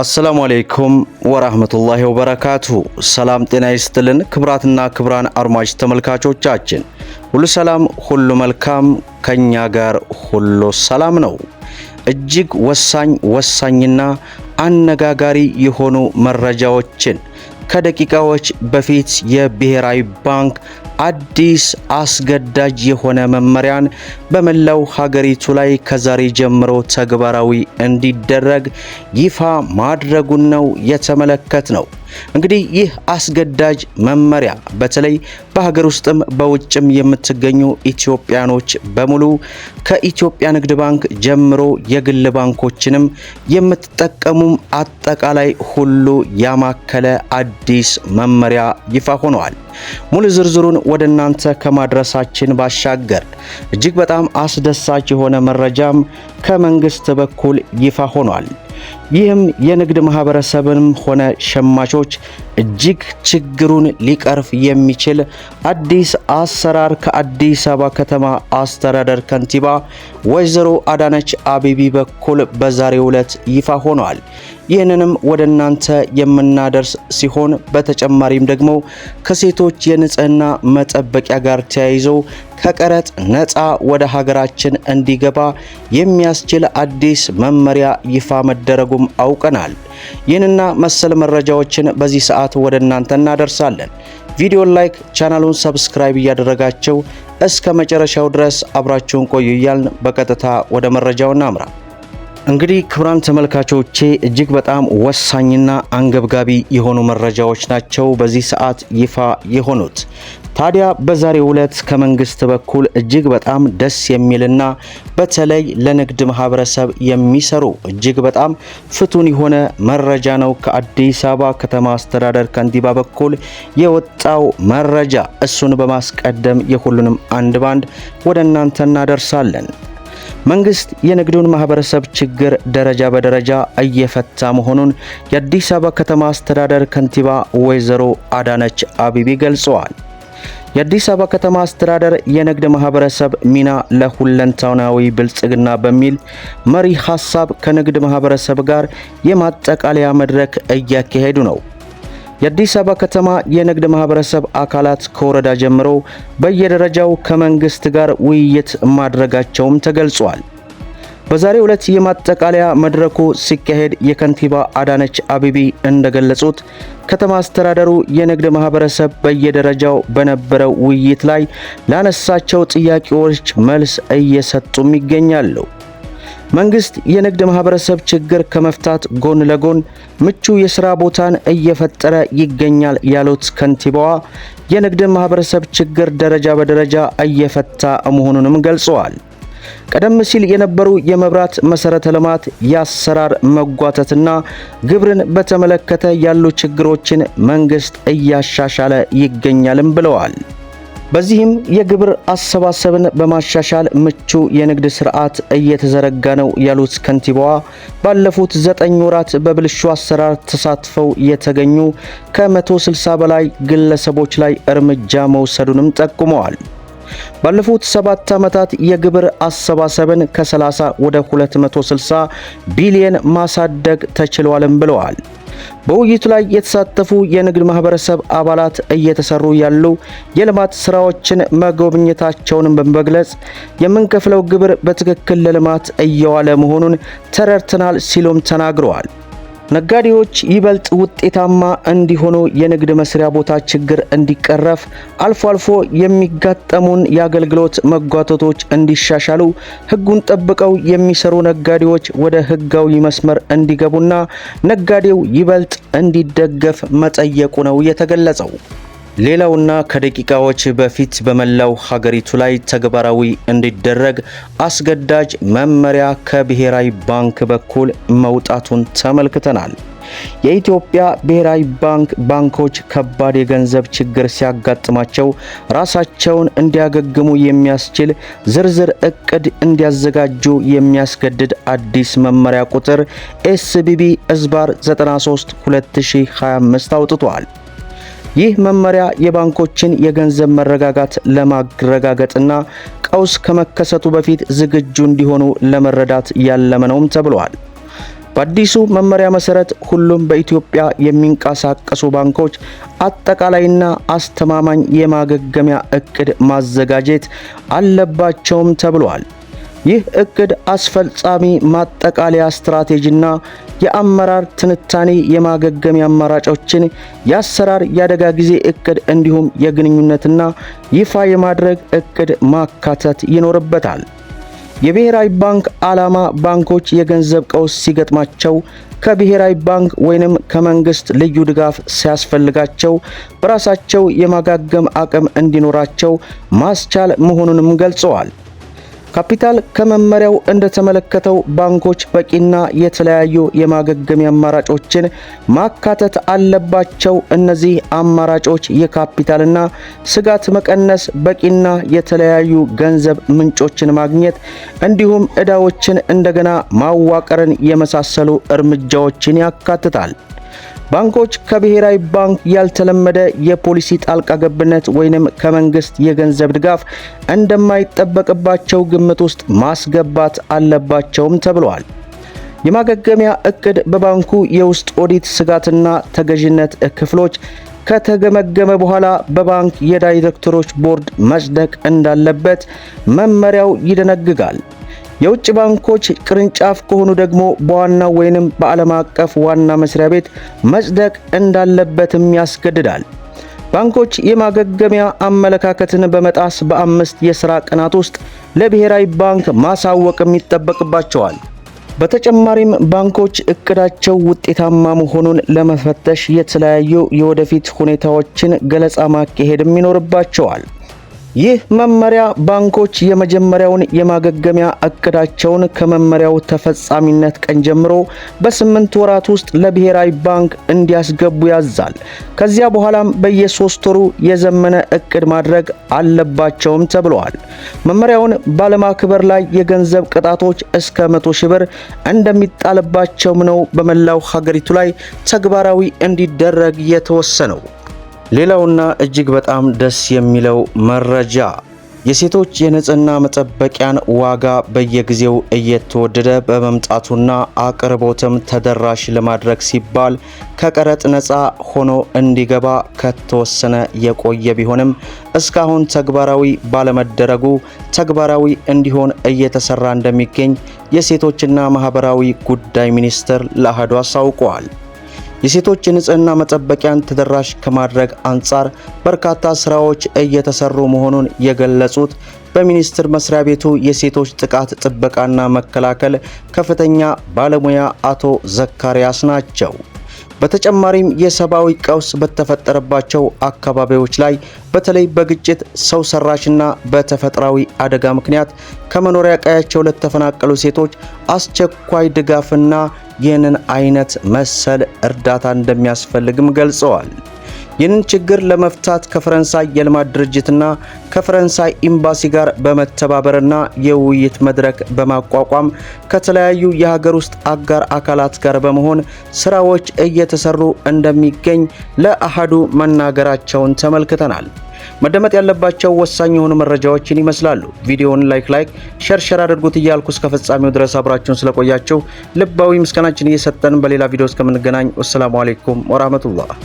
አሰላሙ አሌይኩም ወራህመቱላሂ ወበረካቱ። ሰላም ጤና ይስጥልን። ክብራትና ክብራን አድማጭ ተመልካቾቻችን ሁሉ ሰላም፣ ሁሉ መልካም፣ ከኛ ጋር ሁሉ ሰላም ነው። እጅግ ወሳኝ ወሳኝና አነጋጋሪ የሆኑ መረጃዎችን ከደቂቃዎች በፊት የብሔራዊ ባንክ አዲስ አስገዳጅ የሆነ መመሪያን በመላው ሀገሪቱ ላይ ከዛሬ ጀምሮ ተግባራዊ እንዲደረግ ይፋ ማድረጉን ነው የተመለከት ነው። እንግዲህ ይህ አስገዳጅ መመሪያ በተለይ በሀገር ውስጥም በውጭም የምትገኙ ኢትዮጵያኖች በሙሉ ከኢትዮጵያ ንግድ ባንክ ጀምሮ የግል ባንኮችንም የምትጠቀሙም አጠቃላይ ሁሉ ያማከለ አዲስ መመሪያ ይፋ ሆነዋል። ሙሉ ዝርዝሩን ወደ እናንተ ከማድረሳችን ባሻገር እጅግ በጣም አስደሳች የሆነ መረጃም ከመንግስት በኩል ይፋ ሆኗል። ይህም የንግድ ማህበረሰብንም ሆነ ሸማቾች እጅግ ችግሩን ሊቀርፍ የሚችል አዲስ አሰራር ከአዲስ አበባ ከተማ አስተዳደር ከንቲባ ወይዘሮ አዳነች አቤቤ በኩል በዛሬው ዕለት ይፋ ሆኗል። ይህንንም ወደ እናንተ የምናደርስ ሲሆን በተጨማሪም ደግሞ ከሴቶች የንጽህና መጠበቂያ ጋር ተያይዞ ከቀረጥ ነፃ ወደ ሀገራችን እንዲገባ የሚያስችል አዲስ መመሪያ ይፋ መደረጉም አውቀናል። ይህንና መሰል መረጃዎችን በዚህ ሰዓት ወደ እናንተ እናደርሳለን። ቪዲዮን ላይክ፣ ቻናሉን ሰብስክራይብ እያደረጋቸው እስከ መጨረሻው ድረስ አብራችሁን ቆዩ እያልን በቀጥታ ወደ መረጃው እናምራ። እንግዲህ ክቡራን ተመልካቾቼ እጅግ በጣም ወሳኝና አንገብጋቢ የሆኑ መረጃዎች ናቸው በዚህ ሰዓት ይፋ የሆኑት። ታዲያ በዛሬው ዕለት ከመንግስት በኩል እጅግ በጣም ደስ የሚልና በተለይ ለንግድ ማህበረሰብ የሚሰሩ እጅግ በጣም ፍቱን የሆነ መረጃ ነው ከአዲስ አበባ ከተማ አስተዳደር ከንቲባ በኩል የወጣው መረጃ። እሱን በማስቀደም የሁሉንም አንድ ባንድ ወደ እናንተ እናደርሳለን። መንግስት የንግዱን ማህበረሰብ ችግር ደረጃ በደረጃ እየፈታ መሆኑን የአዲስ አበባ ከተማ አስተዳደር ከንቲባ ወይዘሮ አዳነች አቢቢ ገልጸዋል። የአዲስ አበባ ከተማ አስተዳደር የንግድ ማህበረሰብ ሚና ለሁለንተናዊ ብልጽግና በሚል መሪ ሀሳብ ከንግድ ማህበረሰብ ጋር የማጠቃለያ መድረክ እያካሄዱ ነው። የአዲስ አበባ ከተማ የንግድ ማህበረሰብ አካላት ከወረዳ ጀምሮ በየደረጃው ከመንግስት ጋር ውይይት ማድረጋቸውም ተገልጿል። በዛሬው ዕለት የማጠቃለያ መድረኩ ሲካሄድ የከንቲባ አዳነች አቢቢ እንደገለጹት ከተማ አስተዳደሩ የንግድ ማህበረሰብ በየደረጃው በነበረው ውይይት ላይ ላነሳቸው ጥያቄዎች መልስ እየሰጡም ይገኛሉ። መንግስት የንግድ ማህበረሰብ ችግር ከመፍታት ጎን ለጎን ምቹ የስራ ቦታን እየፈጠረ ይገኛል ያሉት ከንቲባዋ የንግድ ማህበረሰብ ችግር ደረጃ በደረጃ እየፈታ መሆኑንም ገልጸዋል። ቀደም ሲል የነበሩ የመብራት መሰረተ ልማት፣ የአሰራር መጓተትና ግብርን በተመለከተ ያሉ ችግሮችን መንግስት እያሻሻለ ይገኛልም ብለዋል። በዚህም የግብር አሰባሰብን በማሻሻል ምቹ የንግድ ስርዓት እየተዘረጋ ነው ያሉት ከንቲባዋ ባለፉት ዘጠኝ ወራት በብልሹ አሰራር ተሳትፈው የተገኙ ከ160 በላይ ግለሰቦች ላይ እርምጃ መውሰዱንም ጠቁመዋል። ባለፉት ሰባት ዓመታት የግብር አሰባሰብን ከ30 ወደ 260 ቢሊየን ማሳደግ ተችሏልም ብለዋል። በውይይቱ ላይ የተሳተፉ የንግድ ማህበረሰብ አባላት እየተሰሩ ያሉ የልማት ስራዎችን መጎብኘታቸውንም በመግለጽ የምንከፍለው ግብር በትክክል ለልማት እየዋለ መሆኑን ተረድተናል ሲሉም ተናግረዋል። ነጋዴዎች ይበልጥ ውጤታማ እንዲሆኑ የንግድ መስሪያ ቦታ ችግር እንዲቀረፍ አልፎ አልፎ የሚጋጠሙን የአገልግሎት መጓተቶች እንዲሻሻሉ ሕጉን ጠብቀው የሚሰሩ ነጋዴዎች ወደ ሕጋዊ መስመር እንዲገቡና ነጋዴው ይበልጥ እንዲደገፍ መጠየቁ ነው የተገለጸው። ሌላውና ከደቂቃዎች በፊት በመላው ሀገሪቱ ላይ ተግባራዊ እንዲደረግ አስገዳጅ መመሪያ ከብሔራዊ ባንክ በኩል መውጣቱን ተመልክተናል። የኢትዮጵያ ብሔራዊ ባንክ ባንኮች ከባድ የገንዘብ ችግር ሲያጋጥማቸው ራሳቸውን እንዲያገግሙ የሚያስችል ዝርዝር እቅድ እንዲያዘጋጁ የሚያስገድድ አዲስ መመሪያ ቁጥር ኤስቢቢ እዝባር 93 2025 አውጥቷል። ይህ መመሪያ የባንኮችን የገንዘብ መረጋጋት ለማረጋገጥና ቀውስ ከመከሰቱ በፊት ዝግጁ እንዲሆኑ ለመረዳት ያለመ ነውም ተብሏል። በአዲሱ መመሪያ መሰረት ሁሉም በኢትዮጵያ የሚንቀሳቀሱ ባንኮች አጠቃላይና አስተማማኝ የማገገሚያ እቅድ ማዘጋጀት አለባቸውም ተብሏል። ይህ እቅድ አስፈጻሚ ማጠቃለያ ስትራቴጂና የአመራር ትንታኔ፣ የማገገሚያ አማራጮችን፣ የአሰራር የአደጋ ጊዜ እቅድ እንዲሁም የግንኙነትና ይፋ የማድረግ እቅድ ማካተት ይኖርበታል። የብሔራዊ ባንክ ዓላማ ባንኮች የገንዘብ ቀውስ ሲገጥማቸው ከብሔራዊ ባንክ ወይንም ከመንግስት ልዩ ድጋፍ ሲያስፈልጋቸው በራሳቸው የማጋገም አቅም እንዲኖራቸው ማስቻል መሆኑንም ገልጸዋል። ካፒታል ከመመሪያው እንደተመለከተው ባንኮች በቂና የተለያዩ የማገገሚያ አማራጮችን ማካተት አለባቸው። እነዚህ አማራጮች የካፒታልና ስጋት መቀነስ፣ በቂና የተለያዩ ገንዘብ ምንጮችን ማግኘት እንዲሁም ዕዳዎችን እንደገና ማዋቀርን የመሳሰሉ እርምጃዎችን ያካትታል። ባንኮች ከብሔራዊ ባንክ ያልተለመደ የፖሊሲ ጣልቃ ገብነት ወይንም ከመንግስት የገንዘብ ድጋፍ እንደማይጠበቅባቸው ግምት ውስጥ ማስገባት አለባቸውም ተብሏል። የማገገሚያ እቅድ በባንኩ የውስጥ ኦዲት ስጋትና ተገዥነት ክፍሎች ከተገመገመ በኋላ በባንክ የዳይሬክተሮች ቦርድ መጽደቅ እንዳለበት መመሪያው ይደነግጋል። የውጭ ባንኮች ቅርንጫፍ ከሆኑ ደግሞ በዋናው ወይንም በዓለም አቀፍ ዋና መስሪያ ቤት መጽደቅ እንዳለበትም ያስገድዳል። ባንኮች የማገገሚያ አመለካከትን በመጣስ በአምስት የሥራ ቀናት ውስጥ ለብሔራዊ ባንክ ማሳወቅም ይጠበቅባቸዋል። በተጨማሪም ባንኮች እቅዳቸው ውጤታማ መሆኑን ለመፈተሽ የተለያዩ የወደፊት ሁኔታዎችን ገለጻ ማካሄድም ይኖርባቸዋል። ይህ መመሪያ ባንኮች የመጀመሪያውን የማገገሚያ እቅዳቸውን ከመመሪያው ተፈጻሚነት ቀን ጀምሮ በስምንት ወራት ውስጥ ለብሔራዊ ባንክ እንዲያስገቡ ያዛል። ከዚያ በኋላም በየሶስት ወሩ የዘመነ እቅድ ማድረግ አለባቸውም ተብለዋል። መመሪያውን ባለማክበር ላይ የገንዘብ ቅጣቶች እስከ መቶ ሺህ ብር እንደሚጣልባቸውም ነው በመላው ሀገሪቱ ላይ ተግባራዊ እንዲደረግ የተወሰነው። ሌላውና እጅግ በጣም ደስ የሚለው መረጃ የሴቶች የንጽህና መጠበቂያን ዋጋ በየጊዜው እየተወደደ በመምጣቱና አቅርቦትም ተደራሽ ለማድረግ ሲባል ከቀረጥ ነፃ ሆኖ እንዲገባ ከተወሰነ የቆየ ቢሆንም እስካሁን ተግባራዊ ባለመደረጉ ተግባራዊ እንዲሆን እየተሰራ እንደሚገኝ የሴቶችና ማህበራዊ ጉዳይ ሚኒስቴር ለአህዱ አሳውቋል። የሴቶች የንጽህና መጠበቂያን ተደራሽ ከማድረግ አንጻር በርካታ ስራዎች እየተሰሩ መሆኑን የገለጹት በሚኒስቴር መስሪያ ቤቱ የሴቶች ጥቃት ጥበቃና መከላከል ከፍተኛ ባለሙያ አቶ ዘካሪያስ ናቸው። በተጨማሪም የሰብአዊ ቀውስ በተፈጠረባቸው አካባቢዎች ላይ በተለይ በግጭት ሰው ሰራሽና በተፈጥሯዊ አደጋ ምክንያት ከመኖሪያ ቀያቸው ለተፈናቀሉ ሴቶች አስቸኳይ ድጋፍና ይህንን አይነት መሰል እርዳታ እንደሚያስፈልግም ገልጸዋል። ይህንን ችግር ለመፍታት ከፈረንሳይ የልማት ድርጅትና ከፈረንሳይ ኤምባሲ ጋር በመተባበርና የውይይት መድረክ በማቋቋም ከተለያዩ የሀገር ውስጥ አጋር አካላት ጋር በመሆን ስራዎች እየተሰሩ እንደሚገኝ ለአሃዱ መናገራቸውን ተመልክተናል። መደመጥ ያለባቸው ወሳኝ የሆኑ መረጃዎችን ይመስላሉ። ቪዲዮውን ላይክ ላይክ ሸር ሸር አድርጉት እያልኩ እስከ ፍጻሜው ድረስ አብራችሁን ስለቆያችሁ ልባዊ ምስጋናችን እየሰጠን በሌላ ቪዲዮ እስከምንገናኝ ወሰላሙ አሌይኩም ወራህመቱላህ።